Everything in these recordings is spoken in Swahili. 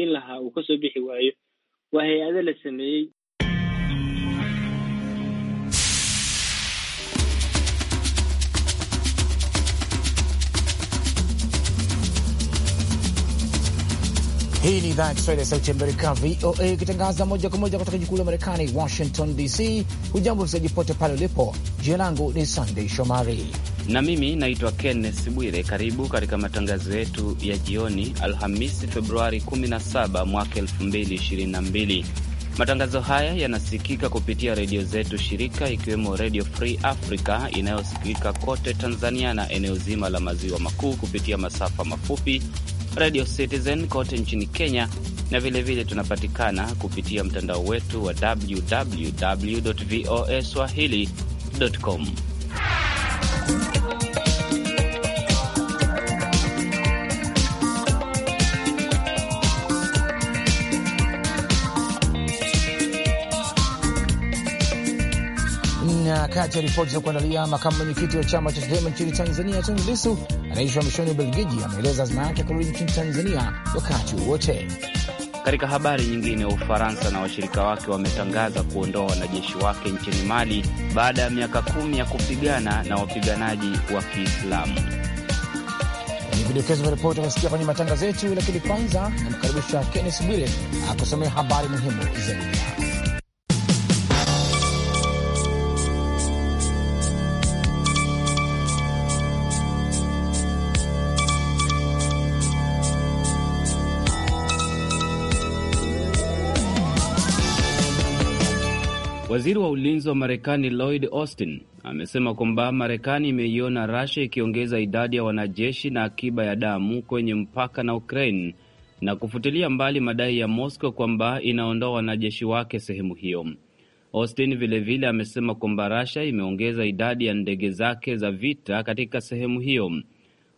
siin lahaa uu ka soo bixi waayo waa hay-ado la sameeyey Hii ni idhaa ya Kiswahili ya Sauti Amerika, VOA, ikitangaza moja kwa moja kutoka jikuu la Marekani, Washington DC. Hujambo msikilizaji pote pale ulipo. Jina langu ni Sandei Shomari na mimi naitwa Kenneth Bwire. Karibu katika matangazo yetu ya jioni, Alhamisi Februari 17 mwaka 2022. Matangazo haya yanasikika kupitia redio zetu shirika, ikiwemo Redio Free Africa inayosikika kote Tanzania na eneo zima la maziwa makuu kupitia masafa mafupi, Radio Citizen kote nchini Kenya, na vilevile vile tunapatikana kupitia mtandao wetu wa www voa swahili com kati ya ripoti za kuandalia, makamu mwenyekiti wa chama cha CHADEMA nchini Tanzania, Tundu Lissu, anaishwa mishoni Ubelgiji, ameeleza azma yake kurudi nchini Tanzania wakati wowote. Katika habari nyingine, Ufaransa na washirika wake wametangaza kuondoa wanajeshi wake nchini Mali baada ya miaka kumi ya kupigana na wapiganaji wa Kiislamu. Ni vidokezo vya ripoti wamesikia kwenye matangazo yetu, lakini kwanza namkaribisha Kennes Bwire akusomea habari muhimu za dunia. Waziri wa ulinzi wa Marekani Lloyd Austin amesema kwamba Marekani imeiona rasha ikiongeza idadi ya wanajeshi na akiba ya damu kwenye mpaka na Ukraine na kufutilia mbali madai ya Moscow kwamba inaondoa wanajeshi wake sehemu hiyo. Austin vilevile vile amesema kwamba rasha imeongeza idadi ya ndege zake za vita katika sehemu hiyo.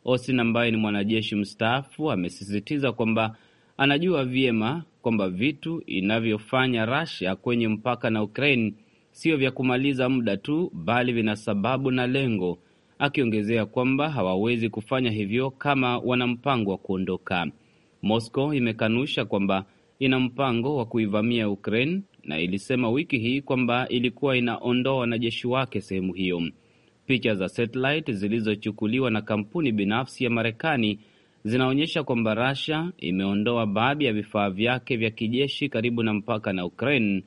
Austin ambaye ni mwanajeshi mstaafu amesisitiza kwamba anajua vyema kwamba vitu inavyofanya Russia kwenye mpaka na Ukraine sio vya kumaliza muda tu bali vina sababu na lengo, akiongezea kwamba hawawezi kufanya hivyo kama wana mpango wa kuondoka. Moscow imekanusha kwamba ina mpango wa kuivamia Ukraine na ilisema wiki hii kwamba ilikuwa inaondoa wanajeshi wake sehemu hiyo. Picha za satellite zilizochukuliwa na kampuni binafsi ya Marekani zinaonyesha kwamba Russia imeondoa baadhi ya vifaa vyake vya kijeshi karibu na mpaka na Ukraine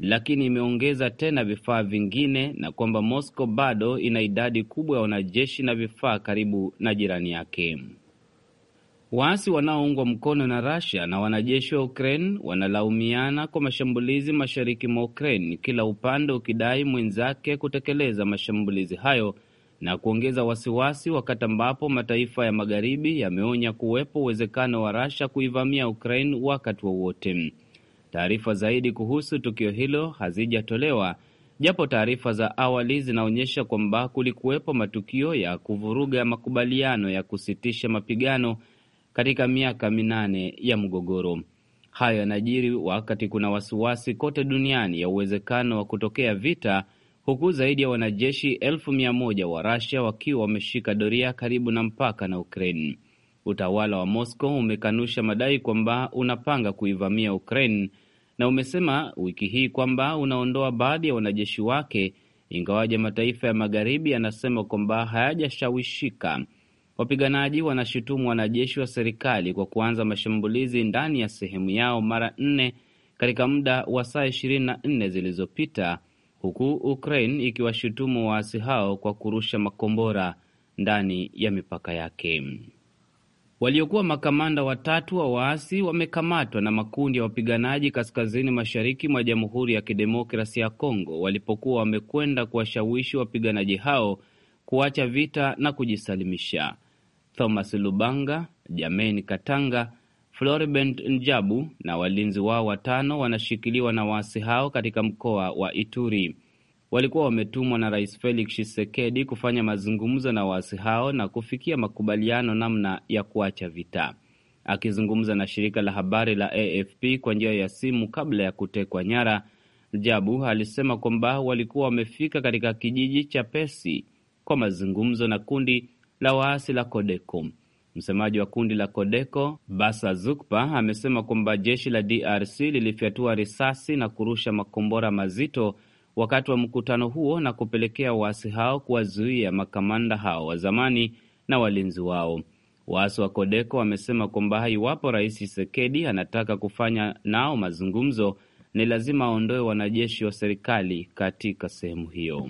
lakini imeongeza tena vifaa vingine na kwamba Moscow bado ina idadi kubwa ya wanajeshi na vifaa karibu na jirani yake. Waasi wanaoungwa mkono na Russia na wanajeshi wa Ukraine wanalaumiana kwa mashambulizi mashariki mwa Ukraine, kila upande ukidai mwenzake kutekeleza mashambulizi hayo na kuongeza wasiwasi, wakati ambapo mataifa ya magharibi yameonya kuwepo uwezekano wa Russia kuivamia Ukraine wakati wowote wa Taarifa zaidi kuhusu tukio hilo hazijatolewa japo taarifa za awali zinaonyesha kwamba kulikuwepo matukio ya kuvuruga makubaliano ya kusitisha mapigano katika miaka minane ya mgogoro. Hayo yanajiri wakati kuna wasiwasi kote duniani ya uwezekano wa kutokea vita, huku zaidi ya wanajeshi elfu mia moja wa Rasia wakiwa wameshika doria karibu na mpaka na Ukraini. Utawala wa Moscow umekanusha madai kwamba unapanga kuivamia Ukraine na umesema wiki hii kwamba unaondoa baadhi ya wanajeshi wake, ingawaje mataifa ya magharibi yanasema kwamba hayajashawishika. Wapiganaji wanashutumu wanajeshi wa serikali kwa kuanza mashambulizi ndani ya sehemu yao mara nne katika muda wa saa nne zilizopita, huku Ukraine ikiwashutumu waasi hao kwa kurusha makombora ndani ya mipaka yake waliokuwa makamanda watatu wa waasi wamekamatwa na makundi ya wapiganaji kaskazini mashariki mwa Jamhuri ya Kidemokrasia ya Kongo walipokuwa wamekwenda kuwashawishi wapiganaji hao kuacha vita na kujisalimisha. Thomas Lubanga, Jameni Katanga, Floribent Njabu na walinzi wao watano wanashikiliwa na waasi hao katika mkoa wa Ituri walikuwa wametumwa na Rais Felix Tshisekedi kufanya mazungumzo na waasi hao na kufikia makubaliano namna ya kuacha vita. Akizungumza na shirika la habari la AFP kwa njia ya simu kabla ya kutekwa nyara, Jabu alisema kwamba walikuwa wamefika katika kijiji cha Pesi kwa mazungumzo na kundi la waasi la Kodeko. Msemaji wa kundi la Kodeko Basa Zukpa amesema kwamba jeshi la DRC lilifyatua risasi na kurusha makombora mazito wakati wa mkutano huo na kupelekea waasi hao kuwazuia makamanda hao wa zamani na walinzi wao. Waasi wa Kodeko wamesema kwamba iwapo Rais Chisekedi anataka kufanya nao mazungumzo, ni lazima aondoe wanajeshi wa serikali katika sehemu hiyo.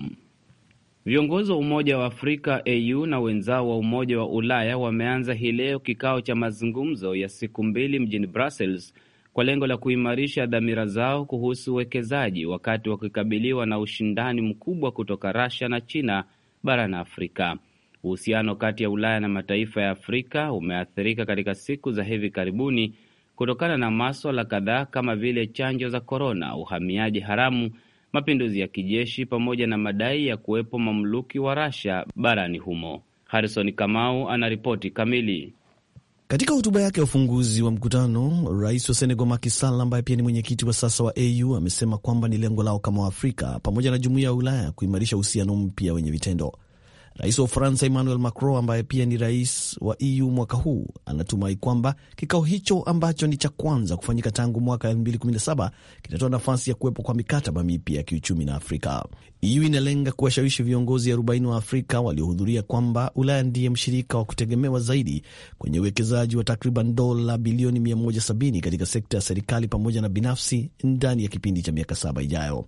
Viongozi wa Umoja wa Afrika AU na wenzao wa Umoja wa Ulaya wameanza hii leo kikao cha mazungumzo ya siku mbili mjini Brussels kwa lengo la kuimarisha dhamira zao kuhusu uwekezaji wakati wakikabiliwa na ushindani mkubwa kutoka rasia na China barani Afrika. Uhusiano kati ya Ulaya na mataifa ya Afrika umeathirika katika siku za hivi karibuni kutokana na maswala kadhaa kama vile chanjo za korona, uhamiaji haramu, mapinduzi ya kijeshi, pamoja na madai ya kuwepo mamluki wa Russia barani humo. harison Kamau anaripoti kamili. Katika hotuba yake ya ufunguzi wa mkutano, rais wa Senegal Macky Sall ambaye pia ni mwenyekiti wa sasa wa AU amesema kwamba ni lengo lao kama Waafrika pamoja na jumuiya ya Ulaya kuimarisha uhusiano mpya wenye vitendo. Rais wa Ufaransa Emmanuel Macron, ambaye pia ni rais wa EU mwaka huu, anatumai kwamba kikao hicho ambacho ni cha kwanza kufanyika tangu mwaka 2017 kitatoa nafasi ya kuwepo kwa mikataba mipya ya kiuchumi na Afrika. EU inalenga kuwashawishi viongozi 40 wa Afrika waliohudhuria kwamba Ulaya ndiye mshirika wa kutegemewa zaidi kwenye uwekezaji wa takriban dola bilioni 170 katika sekta ya serikali pamoja na binafsi ndani ya kipindi cha miaka saba ijayo.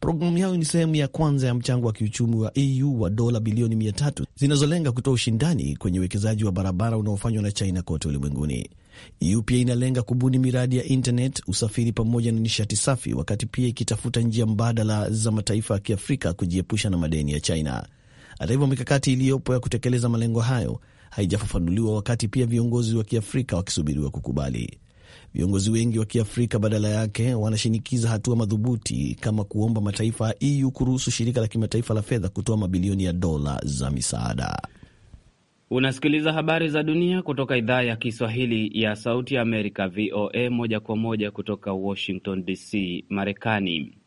Programu yao ni sehemu ya kwanza ya mchango wa kiuchumi wa EU wa dola bilioni mia tatu zinazolenga kutoa ushindani kwenye uwekezaji wa barabara unaofanywa na China kote ulimwenguni. EU pia inalenga kubuni miradi ya internet, usafiri pamoja na nishati safi, wakati pia ikitafuta njia mbadala za mataifa ya kiafrika kujiepusha na madeni ya China. Hata hivyo, mikakati iliyopo ya kutekeleza malengo hayo haijafafanuliwa, wakati pia viongozi wa kiafrika wakisubiriwa kukubali. Viongozi wengi wa Kiafrika badala yake wanashinikiza hatua madhubuti kama kuomba mataifa ya EU kuruhusu shirika la kimataifa la fedha kutoa mabilioni ya dola za misaada. Unasikiliza habari za dunia kutoka idhaa ya Kiswahili ya Sauti ya Amerika, VOA, moja kwa moja kutoka Washington DC, Marekani.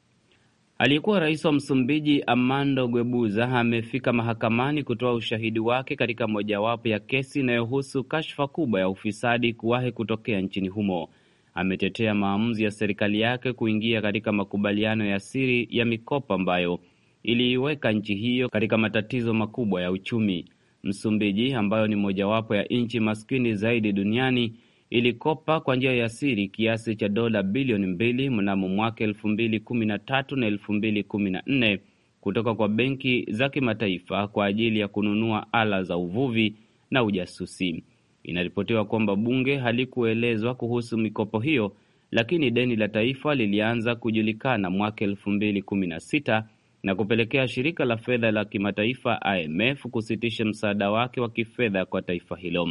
Aliyekuwa rais wa Msumbiji Armando Guebuza amefika mahakamani kutoa ushahidi wake katika mojawapo ya kesi inayohusu kashfa kubwa ya ufisadi kuwahi kutokea nchini humo. Ametetea maamuzi ya serikali yake kuingia katika makubaliano ya siri ya mikopo ambayo iliiweka nchi hiyo katika matatizo makubwa ya uchumi. Msumbiji ambayo ni mojawapo ya nchi maskini zaidi duniani ilikopa kwa njia ya siri kiasi cha dola bilioni mbili mnamo mwaka elfu mbili kumi na tatu na elfu mbili kumi na nne kutoka kwa benki za kimataifa kwa ajili ya kununua ala za uvuvi na ujasusi. Inaripotiwa kwamba bunge halikuelezwa kuhusu mikopo hiyo, lakini deni la taifa lilianza kujulikana mwaka elfu mbili kumi na sita na kupelekea shirika la fedha la kimataifa IMF kusitisha msaada wake wa kifedha kwa taifa hilo.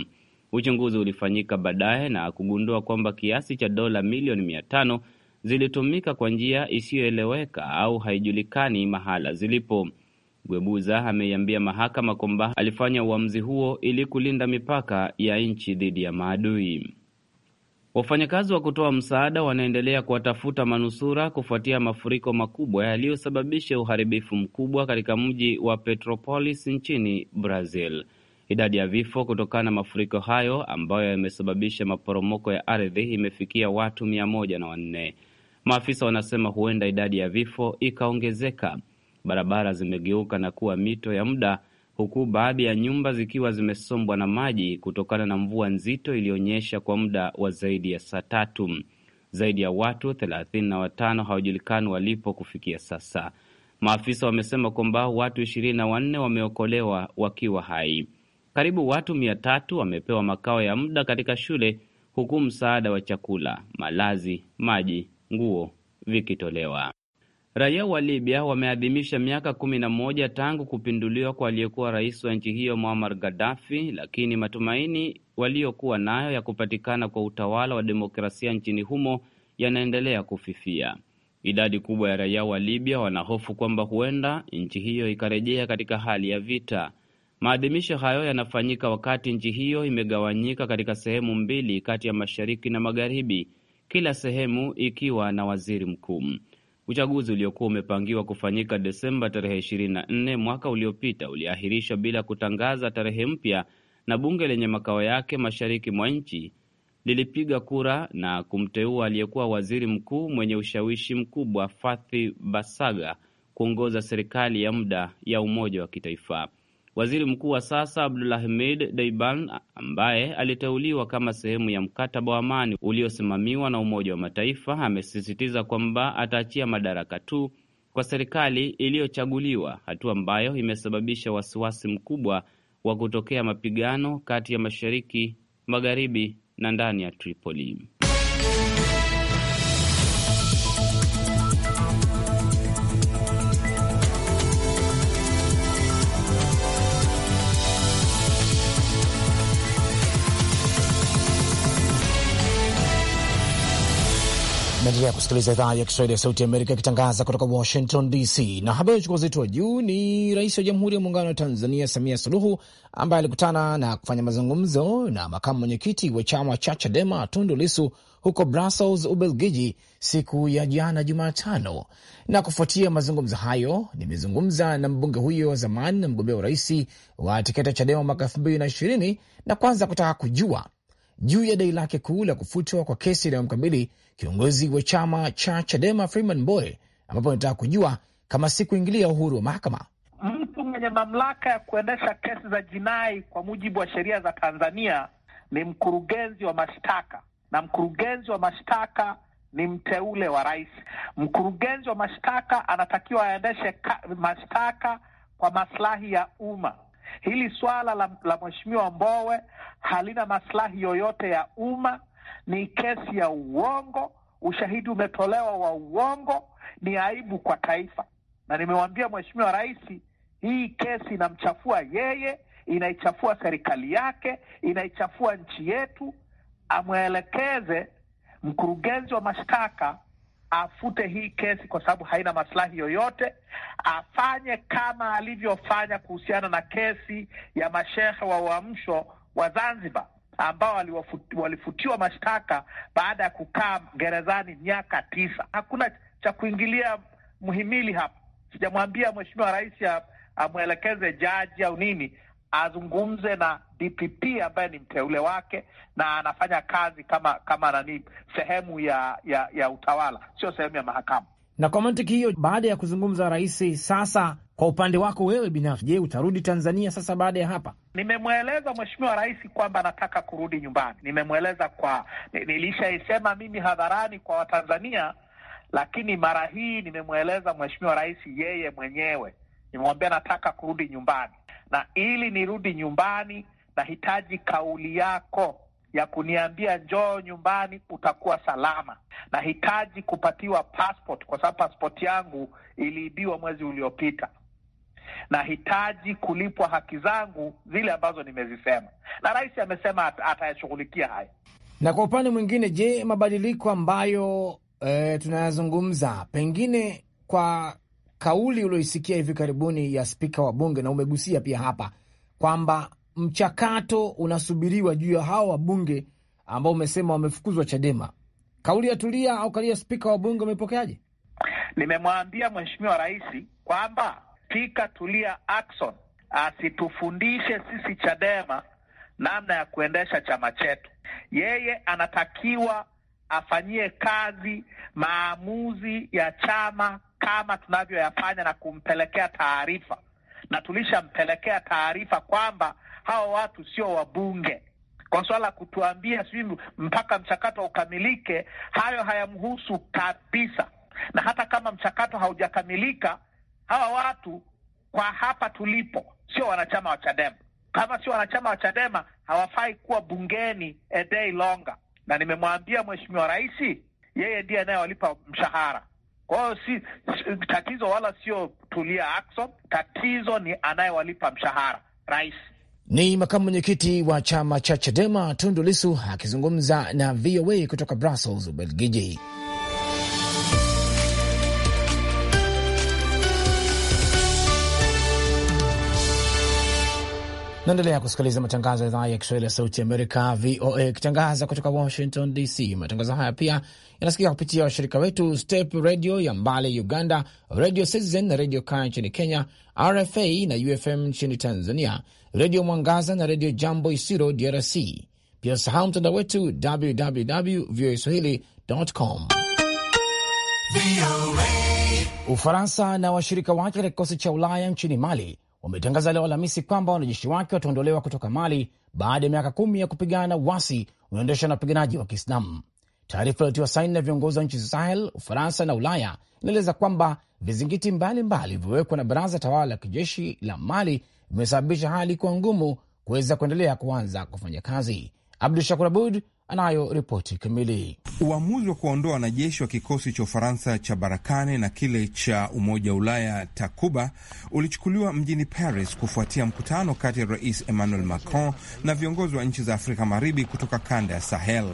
Uchunguzi ulifanyika baadaye na kugundua kwamba kiasi cha dola milioni mia tano zilitumika kwa njia isiyoeleweka au haijulikani mahala zilipo. Gwebuza ameiambia mahakama kwamba alifanya uamuzi huo ili kulinda mipaka ya nchi dhidi ya maadui. Wafanyakazi wa kutoa msaada wanaendelea kuwatafuta manusura kufuatia mafuriko makubwa yaliyosababisha uharibifu mkubwa katika mji wa Petropolis nchini Brazil. Idadi ya vifo kutokana na mafuriko hayo ambayo yamesababisha maporomoko ya ardhi imefikia watu mia moja na wanne. Maafisa wanasema huenda idadi ya vifo ikaongezeka. Barabara zimegeuka na kuwa mito ya muda, huku baadhi ya nyumba zikiwa zimesombwa na maji kutokana na mvua nzito iliyonyesha kwa muda wa zaidi ya saa tatu. Zaidi ya watu thelathini na watano hawajulikani walipo kufikia sasa. Maafisa wamesema kwamba watu ishirini na wanne wameokolewa wakiwa hai. Karibu watu mia tatu wamepewa makao ya muda katika shule huku msaada wa chakula, malazi, maji, nguo vikitolewa. Raia wa Libya wameadhimisha miaka kumi na moja tangu kupinduliwa kwa aliyekuwa rais wa nchi hiyo Muammar Gaddafi, lakini matumaini waliokuwa nayo ya kupatikana kwa utawala wa demokrasia nchini humo yanaendelea kufifia. Idadi kubwa ya raia wa Libya wanahofu kwamba huenda nchi hiyo ikarejea katika hali ya vita. Maadhimisho hayo yanafanyika wakati nchi hiyo imegawanyika katika sehemu mbili kati ya mashariki na magharibi, kila sehemu ikiwa na waziri mkuu. Uchaguzi uliokuwa umepangiwa kufanyika Desemba tarehe 24 mwaka uliopita uliahirishwa bila kutangaza tarehe mpya, na bunge lenye makao yake mashariki mwa nchi lilipiga kura na kumteua aliyekuwa waziri mkuu mwenye ushawishi mkubwa Fathi Basaga kuongoza serikali ya muda ya umoja wa kitaifa. Waziri mkuu wa sasa Abdulhamid Deiban ambaye aliteuliwa kama sehemu ya mkataba wa amani uliosimamiwa na Umoja wa Mataifa amesisitiza kwamba ataachia madaraka tu kwa serikali iliyochaguliwa, hatua ambayo imesababisha wasiwasi mkubwa wa kutokea mapigano kati ya mashariki, magharibi na ndani ya Tripoli. Naendelea kusikiliza idhaa ya Kiswahili ya Sauti Amerika ikitangaza kutoka Washington DC. Na habari uchukua uzito wa juu ni Rais wa Jamhuri ya Muungano wa Tanzania Samia Suluhu ambaye alikutana na kufanya mazungumzo na makamu mwenyekiti wa chama cha Chadema Tundu Lisu huko Brussels, Ubelgiji siku ya jana Jumatano. Na kufuatia mazungumzo hayo, nimezungumza na mbunge huyo wa zamani na mgombea urais wa tiketi ya Chadema mwaka elfu mbili na ishirini na kwanza kutaka kujua juu ya dai lake kuu la kufutwa kwa kesi inayomkabili kiongozi wa chama cha Chadema Freeman Mbowe, ambapo anataka kujua kama si kuingilia uhuru wa mahakama. Mtu mwenye mamlaka ya kuendesha kesi za jinai kwa mujibu wa sheria za Tanzania ni mkurugenzi wa mashtaka, na mkurugenzi wa mashtaka ni mteule wa rais. Mkurugenzi wa mashtaka anatakiwa aendeshe mashtaka kwa maslahi ya umma. Hili swala la, la mheshimiwa Mbowe halina maslahi yoyote ya umma, ni kesi ya uongo, ushahidi umetolewa wa uongo, ni aibu kwa taifa. Na nimewambia mheshimiwa rais, hii kesi inamchafua yeye, inaichafua serikali yake, inaichafua nchi yetu. Amwelekeze mkurugenzi wa mashtaka afute hii kesi kwa sababu haina maslahi yoyote, afanye kama alivyofanya kuhusiana na kesi ya mashehe wa Uamsho wa Zanzibar ambao walifutiwa mashtaka baada ya kukaa gerezani miaka tisa. Hakuna cha kuingilia mhimili hapa. Sijamwambia Mheshimiwa Rais amwelekeze jaji au nini, azungumze na DPP ambaye ni mteule wake na anafanya kazi kama kama nani, sehemu ya, ya, ya utawala, sio sehemu ya mahakama. Na kwa mantiki hiyo, baada ya kuzungumza rais, sasa kwa upande wako wewe binafsi, je, utarudi Tanzania sasa baada ya hapa? Nimemweleza mheshimiwa rais kwamba nataka kurudi nyumbani. Nimemweleza kwa, nilishaisema mimi hadharani kwa Watanzania, lakini mara hii nimemweleza mheshimiwa rais yeye mwenyewe, nimemwambia nataka kurudi nyumbani na ili nirudi nyumbani nahitaji kauli yako ya kuniambia njoo nyumbani, utakuwa salama. Nahitaji kupatiwa passport kwa sababu passport yangu iliibiwa mwezi uliopita. Nahitaji kulipwa haki zangu zile ambazo nimezisema, na rais amesema atayashughulikia haya. Na kwa upande mwingine, je, mabadiliko ambayo e, tunayazungumza pengine kwa kauli ulioisikia hivi karibuni ya spika wa bunge na umegusia pia hapa kwamba mchakato unasubiriwa juu ya hawa wabunge ambao umesema wamefukuzwa Chadema. Kauli ya Tulia au kalia ya spika wa bunge umeipokeaje? Nimemwambia mheshimiwa rais kwamba Spika Tulia Ackson asitufundishe sisi Chadema namna ya kuendesha chama chetu. Yeye anatakiwa afanyie kazi maamuzi ya chama kama tunavyoyafanya na kumpelekea taarifa, na tulishampelekea taarifa kwamba hawa watu sio wabunge. Kwa suala la kutuambia sijui mpaka mchakato ukamilike, hayo hayamhusu kabisa. Na hata kama mchakato haujakamilika, hawa watu kwa hapa tulipo sio wanachama wa Chadema. Kama sio wanachama wa Chadema hawafai kuwa bungeni a day longer, na nimemwambia Mheshimiwa Rais, yeye ndiye anayewalipa mshahara. Kwa hiyo si, si, tatizo wala sio Tulia Ackson, tatizo ni anayewalipa mshahara rais. Ni makamu mwenyekiti wa chama cha Chadema Tundu Lisu akizungumza na VOA kutoka Brussels, Ubelgiji. Naendelea kusikiliza matangazo ya idhaa ya Kiswahili ya Sauti Amerika, VOA, ikitangaza kutoka Washington DC. Matangazo haya pia inasikika kupitia washirika wetu Step Redio ya Mbale Uganda, Radio Citizen na Redio Kaya nchini Kenya, RFA na UFM nchini Tanzania, Redio Mwangaza na Redio Jambo Isiro DRC. Pia sahau mtandao wetu www voa swahili.com. Ufaransa na washirika wake katika kikosi cha Ulaya nchini Mali wametangaza leo Alhamisi kwamba wanajeshi wake wataondolewa kutoka Mali baada ya miaka kumi ya kupigana na unaendeshwa na wapiganaji wa Kiislamu. Taarifa iliyotiwa saini na viongozi wa nchi za Sahel, Ufaransa na Ulaya inaeleza kwamba vizingiti mbalimbali vilivyowekwa na baraza tawala la kijeshi la Mali vimesababisha hali kuwa ngumu kuweza kuendelea kuanza kufanya kazi. Abdu Shakur Abud anayo ripoti kamili. Uamuzi wa kuwaondoa wanajeshi wa kikosi cha Ufaransa cha barakani na kile cha Umoja wa Ulaya Takuba ulichukuliwa mjini Paris kufuatia mkutano kati ya Rais Emmanuel Macron na viongozi wa nchi za Afrika Magharibi kutoka kanda ya Sahel.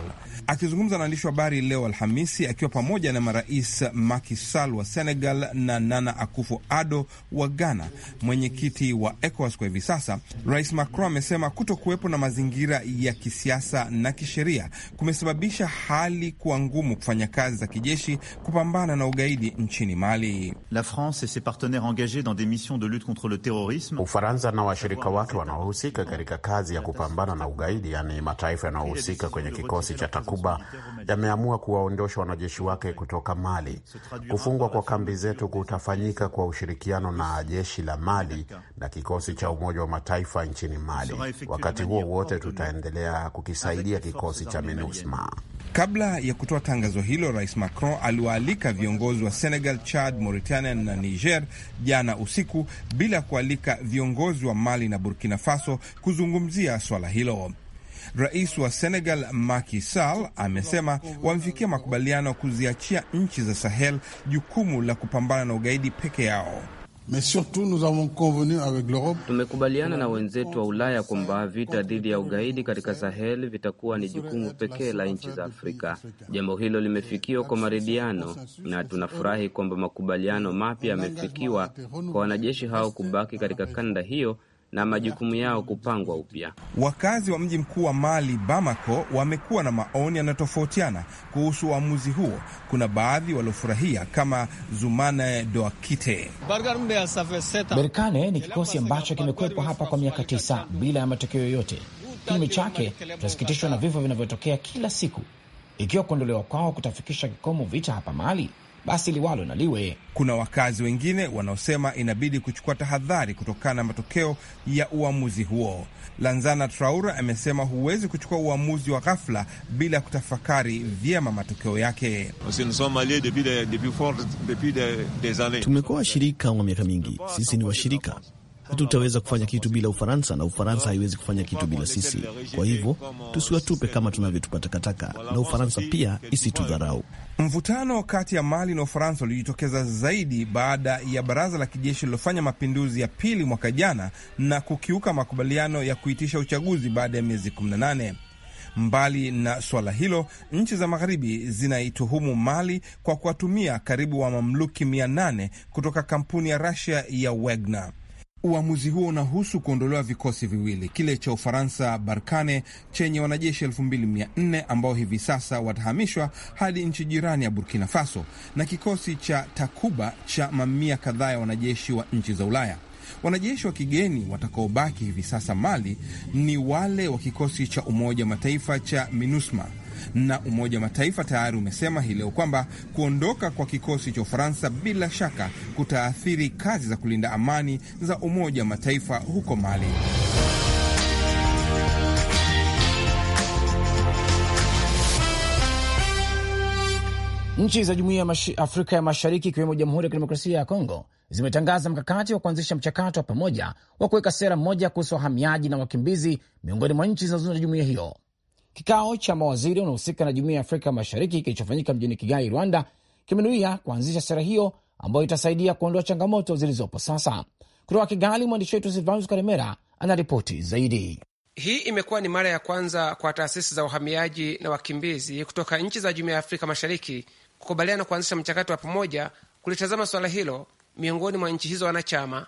Akizungumza na waandishi wa habari leo Alhamisi akiwa pamoja na marais Macky Sall wa Senegal na Nana Akufo-Addo wa Ghana, mwenyekiti wa ECOWAS kwa hivi sasa, Rais Macron amesema kuto kuwepo na mazingira ya kisiasa na kisheria kumesababisha hali kuwa ngumu kufanya kazi za kijeshi kupambana na ugaidi nchini Mali. La France et ses partenaires engagés dans des missions de lutte contre le terrorisme. Ufaransa na washirika wake wanaohusika katika kazi ya kupambana na ugaidi, yaani mataifa yanayohusika kwenye kikosi cha Takuba yameamua kuwaondosha wanajeshi wake kutoka Mali. Kufungwa kwa kambi zetu kutafanyika kwa ushirikiano na jeshi la Mali na kikosi cha Umoja wa Mataifa nchini Mali. Wakati huo wote tutaendelea kukisaidia kikosi cha MINUSMA. Kabla ya kutoa tangazo hilo, Rais Macron aliwaalika viongozi wa Senegal, Chad, Mauritania na Niger jana usiku, bila kualika viongozi wa Mali na Burkina Faso kuzungumzia swala hilo. Rais wa Senegal Macky Sall amesema wamefikia makubaliano kuziachia nchi za Sahel jukumu la kupambana na ugaidi peke yao. Tumekubaliana na wenzetu wa Ulaya kwamba vita dhidi ya ugaidi katika Sahel vitakuwa ni jukumu pekee la nchi za Afrika. Jambo hilo limefikiwa kwa maridhiano, na tunafurahi kwamba makubaliano mapya yamefikiwa kwa wanajeshi hao kubaki katika kanda hiyo na majukumu yao kupangwa upya. Wakazi wa mji mkuu wa Mali, Bamako, wamekuwa na maoni yanayotofautiana kuhusu uamuzi huo. Kuna baadhi waliofurahia kama Zumane Doakite. Berkane ni kikosi ambacho kimekwepwa hapa kwa miaka tisa bila ya matokeo yoyote. Kinyume chake, tunasikitishwa na vifo vinavyotokea kila siku. Ikiwa kuondolewa kwao kutafikisha kikomo vita hapa Mali, basi liwalo na liwe. Kuna wakazi wengine wanaosema inabidi kuchukua tahadhari kutokana na matokeo ya uamuzi huo. Lanzana Traura amesema huwezi kuchukua uamuzi wa ghafla bila kutafakari vyema matokeo yake. Tumekuwa washirika wa miaka mingi, sisi ni washirika Hatutaweza kufanya kitu bila Ufaransa na Ufaransa haiwezi kufanya kitu bila sisi. Kwa hivyo tusiwatupe kama tunavyotupa takataka, na Ufaransa pia isitudharau. Mvutano kati ya Mali na Ufaransa ulijitokeza zaidi baada ya baraza la kijeshi lilofanya mapinduzi ya pili mwaka jana na kukiuka makubaliano ya kuitisha uchaguzi baada ya miezi 18. Mbali na suala hilo, nchi za magharibi zinaituhumu Mali kwa kuwatumia karibu wa mamluki 800 kutoka kampuni ya rasia ya Wagner. Uamuzi huo unahusu kuondolewa vikosi viwili, kile cha Ufaransa Barkane chenye wanajeshi 24 ambao hivi sasa watahamishwa hadi nchi jirani ya Burkina Faso na kikosi cha Takuba cha mamia kadhaa ya wanajeshi wa nchi za Ulaya. Wanajeshi wa kigeni watakaobaki hivi sasa Mali ni wale wa kikosi cha Umoja Mataifa cha MINUSMA na Umoja wa Mataifa tayari umesema hii leo kwamba kuondoka kwa kikosi cha Ufaransa bila shaka kutaathiri kazi za kulinda amani za Umoja wa Mataifa huko Mali. Nchi za Jumuiya ya Afrika ya Mashariki ikiwemo Jamhuri ya Kidemokrasia ya Kongo zimetangaza mkakati wa kuanzisha mchakato wa pamoja wa kuweka sera moja kuhusu wahamiaji na wakimbizi miongoni mwa nchi zinazounda jumuiya hiyo. Kikao cha mawaziri wanaohusika na jumuiya ya Afrika Mashariki kilichofanyika mjini Kigali, Rwanda, kimenuia kuanzisha sera hiyo ambayo itasaidia kuondoa changamoto zilizopo sasa. Kutoka Kigali, mwandishi wetu Silvanus Karemera ana ripoti zaidi. Hii imekuwa ni mara ya kwanza kwa taasisi za uhamiaji na wakimbizi kutoka nchi za jumuiya ya Afrika Mashariki kukubaliana kuanzisha mchakato wa pamoja kulitazama swala hilo miongoni mwa nchi hizo wanachama.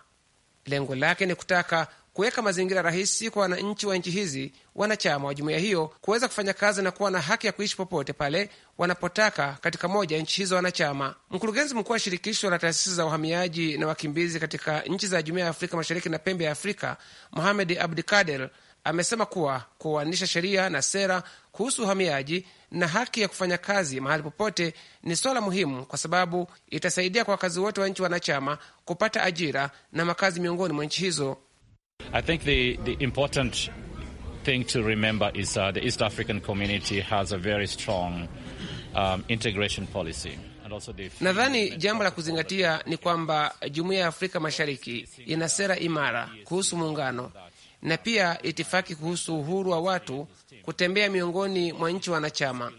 Lengo lake ni kutaka kuweka mazingira rahisi kwa wananchi wa nchi hizi wanachama wa jumuiya hiyo kuweza kufanya kazi na kuwa na haki ya kuishi popote pale wanapotaka katika moja ya nchi hizo wanachama. Mkurugenzi mkuu wa shirikisho la taasisi za uhamiaji na wakimbizi katika nchi za jumuiya ya Afrika Mashariki na pembe ya Afrika, Mohamed Abdikader, amesema kuwa kuoanisha sheria na sera kuhusu uhamiaji na haki ya kufanya kazi mahali popote ni swala muhimu, kwa sababu itasaidia kwa wakazi wote wa nchi wanachama kupata ajira na makazi miongoni mwa nchi hizo. I think the, the important thing to remember is uh, the East African community has a very strong um, integration policy. Nadhani jambo la kuzingatia ni kwamba jumuiya ya Afrika Mashariki ina sera imara kuhusu muungano na pia itifaki kuhusu uhuru wa watu kutembea miongoni mwa nchi wanachama.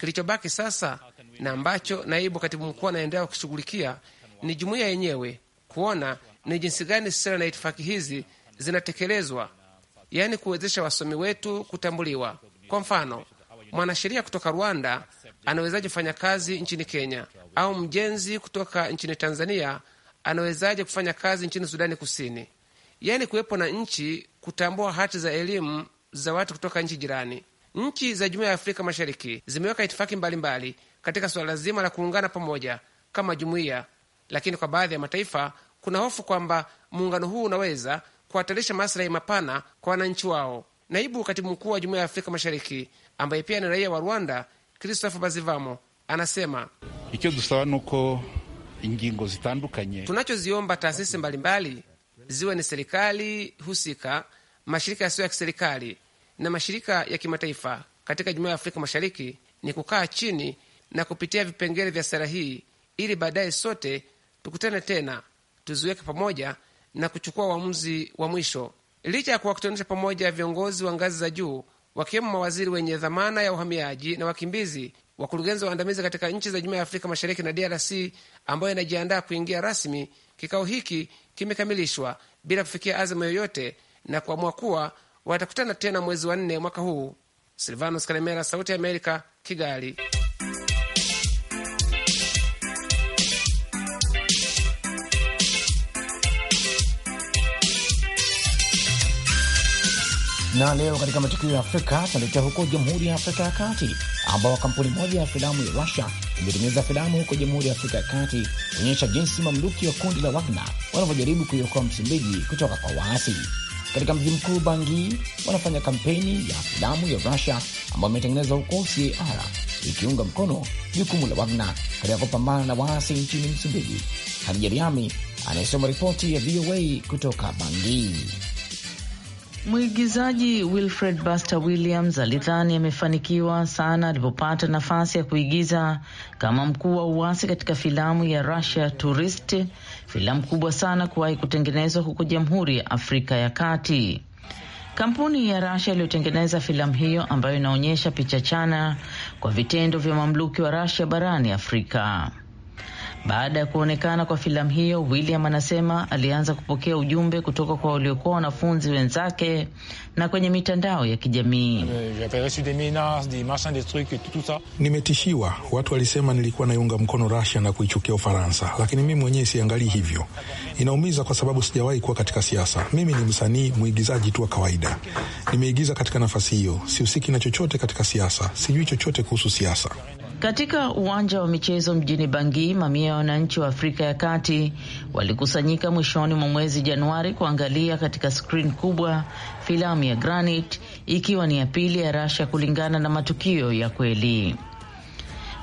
Kilichobaki sasa na ambacho naibu katibu mkuu anaendelea kushughulikia ni jumuiya yenyewe kuona ni jinsi gani sera na itifaki hizi zinatekelezwa, yaani kuwezesha wasomi wetu kutambuliwa. Kwa mfano, mwanasheria kutoka Rwanda anawezaje kufanya kazi nchini Kenya, au mjenzi kutoka nchini Tanzania anawezaje kufanya kazi nchini Sudani Kusini? Yaani kuwepo na nchi kutambua hati za elimu za watu kutoka nchi jirani. Nchi za Jumuiya ya Afrika Mashariki zimeweka itifaki mbalimbali mbali katika suala zima la kuungana pamoja kama jumuiya, lakini kwa baadhi ya mataifa kuna hofu kwamba muungano huu unaweza kuhatarisha maslahi mapana kwa wananchi wao. Naibu katibu mkuu wa Jumuiya ya Afrika Mashariki ambaye pia ni raia wa Rwanda, Christopher Bazivamo, anasema icyo dusaba nuko ingingo zitandukanye, tunachoziomba taasisi mbalimbali ziwe ni serikali husika, mashirika yasiyo ya kiserikali na mashirika ya kimataifa katika Jumuiya ya Afrika Mashariki ni kukaa chini na kupitia vipengele vya sera hii ili baadaye sote tukutane tena tuziweke pamoja na kuchukua uamuzi wa mwisho, licha ya kuwakutanisha pamoja viongozi wa ngazi za juu, wakiwemo mawaziri wenye dhamana ya uhamiaji na wakimbizi, wakurugenzi waandamizi katika nchi za Jumuiya ya Afrika Mashariki na DRC ambayo inajiandaa kuingia rasmi. Kikao hiki kimekamilishwa bila kufikia azma yoyote na kuamua kuwa watakutana tena mwezi wa nne mwaka huu. Silvanos Kalemera, Sauti ya Amerika, Kigali. Na leo katika matukio ya Afrika tunaletea huko Jamhuri ya Afrika ya Kati, ambao kampuni moja ya filamu ya Rusia imetengeneza filamu huko Jamhuri ya Afrika ya Kati kuonyesha jinsi mamluki wa kundi la Wagner wanavyojaribu kuiokoa Msumbiji kutoka kwa waasi. Katika mji mkuu Bangi wanafanya kampeni ya filamu ya Rusia ambayo imetengenezwa huko CAR ikiunga mkono jukumu la Wagner katika kupambana na waasi nchini Msumbiji. Hadija Riami anayesoma ripoti ya VOA kutoka Bangui. Mwigizaji Wilfred Buster Williams alidhani amefanikiwa sana alipopata nafasi ya kuigiza kama mkuu wa uasi katika filamu ya Russia Tourist, filamu kubwa sana kuwahi kutengenezwa huko Jamhuri ya Afrika ya Kati. Kampuni ya Russia iliyotengeneza filamu hiyo ambayo inaonyesha picha chana kwa vitendo vya mamluki wa Russia barani Afrika. Baada ya kuonekana kwa filamu hiyo, William anasema alianza kupokea ujumbe kutoka kwa waliokuwa wanafunzi wenzake na kwenye mitandao ya kijamii. Euh, Nimetishiwa, watu walisema nilikuwa naiunga mkono Russia na kuichukia Ufaransa, lakini mimi mwenyewe siangalii hivyo. Inaumiza kwa sababu sijawahi kuwa katika siasa. Mimi ni msanii mwigizaji tu wa kawaida, nimeigiza katika nafasi hiyo, sihusiki na chochote katika siasa, sijui chochote kuhusu siasa. Katika uwanja wa michezo mjini bangi mamia ya wananchi wa Afrika ya Kati walikusanyika mwishoni mwa mwezi Januari kuangalia katika skrini kubwa filamu ya Granit, ikiwa ni ya pili ya Rasha kulingana na matukio ya kweli.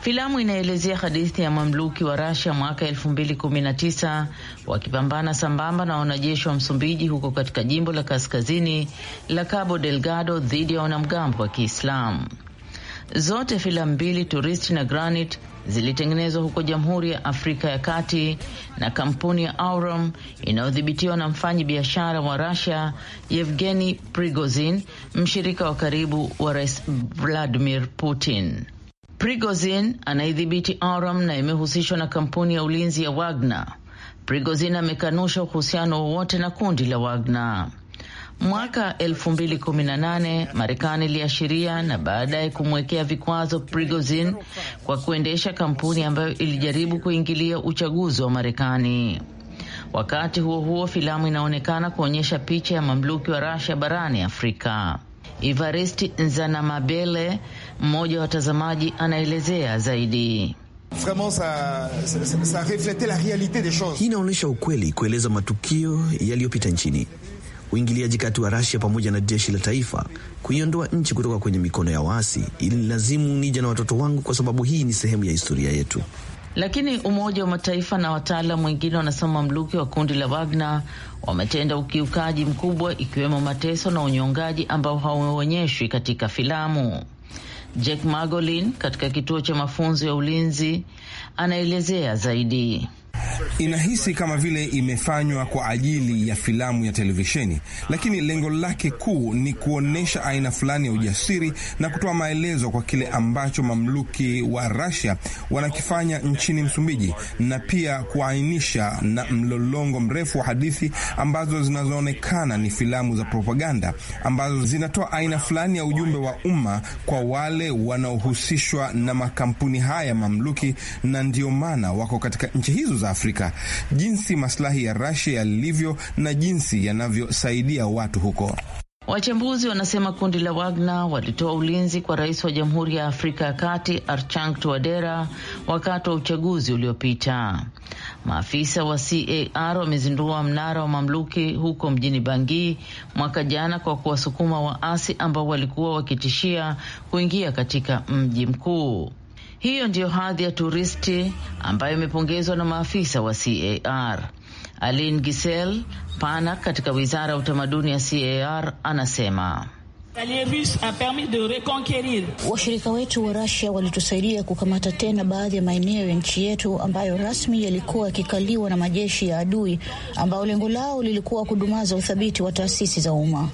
Filamu inaelezea hadithi ya mamluki wa Rasia mwaka 2019 wakipambana sambamba na wanajeshi wa Msumbiji huko katika jimbo la kaskazini la Cabo Delgado dhidi ya wanamgambo wa Kiislamu. Zote filamu mbili, Tourist na Granite, zilitengenezwa huko Jamhuri ya Afrika ya Kati na kampuni ya Aurum inayodhibitiwa na mfanyi biashara wa rasia Yevgeni prigozin mshirika wa karibu wa Rais Vladimir Putin. prigozin anaidhibiti Aurum na imehusishwa na kampuni ya ulinzi ya Wagner. Prigozin amekanusha uhusiano wowote na kundi la Wagner. Mwaka 2018 Marekani iliashiria na baadaye kumwekea vikwazo Prigozhin kwa kuendesha kampuni ambayo ilijaribu kuingilia uchaguzi wa Marekani. Wakati huo huo, filamu inaonekana kuonyesha picha ya mamluki wa Russia barani Afrika. Ivarist Nzanamabele, mmoja wa watazamaji, anaelezea zaidi. Hii inaonyesha ukweli, kueleza matukio yaliyopita nchini Uingiliaji kati wa Rasia pamoja na jeshi la taifa kuiondoa nchi kutoka kwenye mikono ya waasi ili lazimu nija na watoto wangu, kwa sababu hii ni sehemu ya historia yetu. Lakini Umoja wa Mataifa na wataalam wengine wanasema mamluki wa kundi la Wagner wametenda ukiukaji mkubwa, ikiwemo mateso na unyongaji ambao hauonyeshwi katika filamu. Jack Magolin katika kituo cha mafunzo ya ulinzi anaelezea zaidi inahisi kama vile imefanywa kwa ajili ya filamu ya televisheni, lakini lengo lake kuu ni kuonyesha aina fulani ya ujasiri na kutoa maelezo kwa kile ambacho mamluki wa Russia wanakifanya nchini Msumbiji, na pia kuainisha na mlolongo mrefu wa hadithi ambazo zinazoonekana ni filamu za propaganda ambazo zinatoa aina fulani ya ujumbe wa umma kwa wale wanaohusishwa na makampuni haya mamluki, na ndio maana wako katika nchi hizo za Afrika. Afrika, jinsi maslahi ya Russia yalivyo na jinsi yanavyosaidia watu huko. Wachambuzi wanasema kundi la Wagner walitoa ulinzi kwa rais wa Jamhuri ya Afrika ya Kati archang Touadera wakati wa uchaguzi uliopita. Maafisa wa CAR wamezindua mnara wa mamluki huko mjini Bangui mwaka jana kwa kuwasukuma waasi ambao walikuwa wakitishia kuingia katika mji mkuu. Hiyo ndiyo hadhi ya turisti ambayo imepongezwa na maafisa wa CAR. Aline Gisel pana katika wizara ya utamaduni ya CAR anasema Washirika wetu wa Rasia walitusaidia kukamata tena baadhi ya maeneo ya nchi yetu ambayo rasmi yalikuwa yakikaliwa na majeshi ya adui, ambao lengo lao lilikuwa kudumaza uthabiti wa taasisi za umma.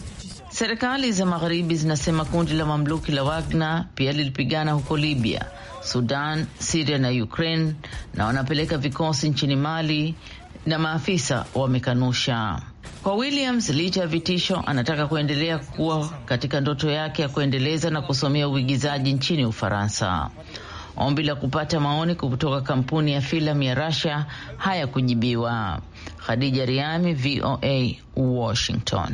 Serikali za magharibi zinasema kundi la mamluki la Wagner pia lilipigana huko Libya, Sudan, Siria na Ukraine, na wanapeleka vikosi nchini Mali na maafisa wamekanusha. Kwa Williams, licha ya vitisho, anataka kuendelea kuwa katika ndoto yake ya kuendeleza na kusomea uigizaji nchini Ufaransa. Ombi la kupata maoni kutoka kampuni ya filamu ya Russia hayakujibiwa. Khadija Riami, VOA, Washington.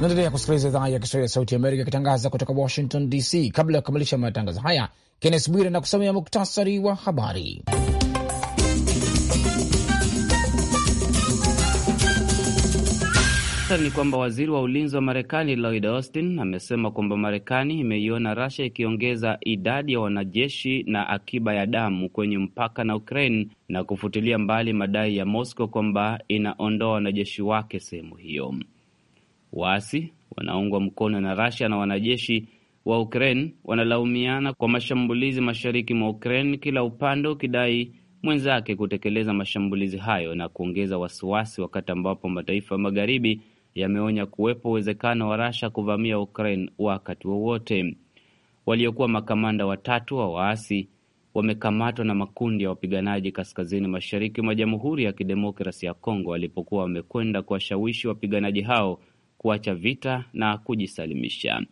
Naendelea kusikiliza idhaa ya Kiswahili ya Sauti ya Amerika ikitangaza kutoka Washington DC. Kabla ya kukamilisha matangazo haya, Kennes Bwire na kusomea muktasari wa habari. Ni kwamba waziri wa ulinzi wa Marekani Lloyd Austin amesema kwamba Marekani imeiona rasha ikiongeza idadi ya wanajeshi na akiba ya damu kwenye mpaka na Ukraine na kufutilia mbali madai ya Moscow kwamba inaondoa wanajeshi wake sehemu hiyo. Waasi wanaungwa mkono na rasia na wanajeshi wa Ukraine wanalaumiana kwa mashambulizi mashariki mwa Ukraine, kila upande ukidai mwenzake kutekeleza mashambulizi hayo na kuongeza wasiwasi, wakati ambapo mataifa ya magharibi yameonya kuwepo uwezekano wa rasha kuvamia Ukraine wakati wowote. Waliokuwa makamanda watatu wa waasi wamekamatwa na makundi ya wapiganaji kaskazini mashariki mwa Jamhuri ya Kidemokrasi ya Kongo walipokuwa wamekwenda kuwashawishi wapiganaji hao kuacha vita na kujisalimisha.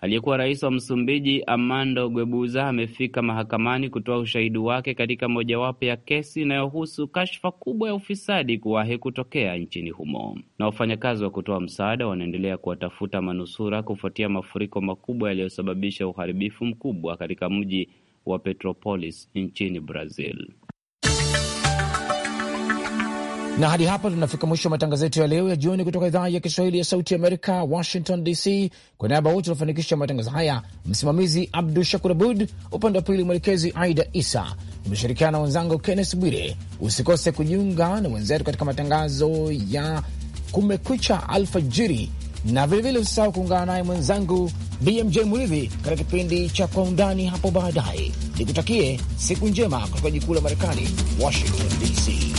Aliyekuwa rais wa Msumbiji Armando Guebuza amefika mahakamani kutoa ushahidi wake katika mojawapo ya kesi inayohusu kashfa kubwa ya ufisadi kuwahi kutokea nchini humo. Na wafanyakazi wa kutoa msaada wanaendelea kuwatafuta manusura kufuatia mafuriko makubwa yaliyosababisha uharibifu mkubwa katika mji wa Petropolis nchini Brazil. Na hadi hapa tunafika mwisho wa matangazo yetu ya leo ya jioni kutoka idhaa ya Kiswahili ya Sauti Amerika, Washington DC. Kwa niaba wote waliofanikisha matangazo haya, msimamizi Abdu Shakur Abud, upande wa pili mwelekezi Aida Isa, imeshirikiana na wenzangu Kennes Bwire. Usikose kujiunga na wenzetu katika matangazo ya Kumekucha alfajiri, na vilevile usisahau kuungana naye mwenzangu BMJ Muridhi katika kipindi cha Kwa Undani hapo baadaye. Nikutakie siku njema kutoka jikuu la Marekani, Washington DC.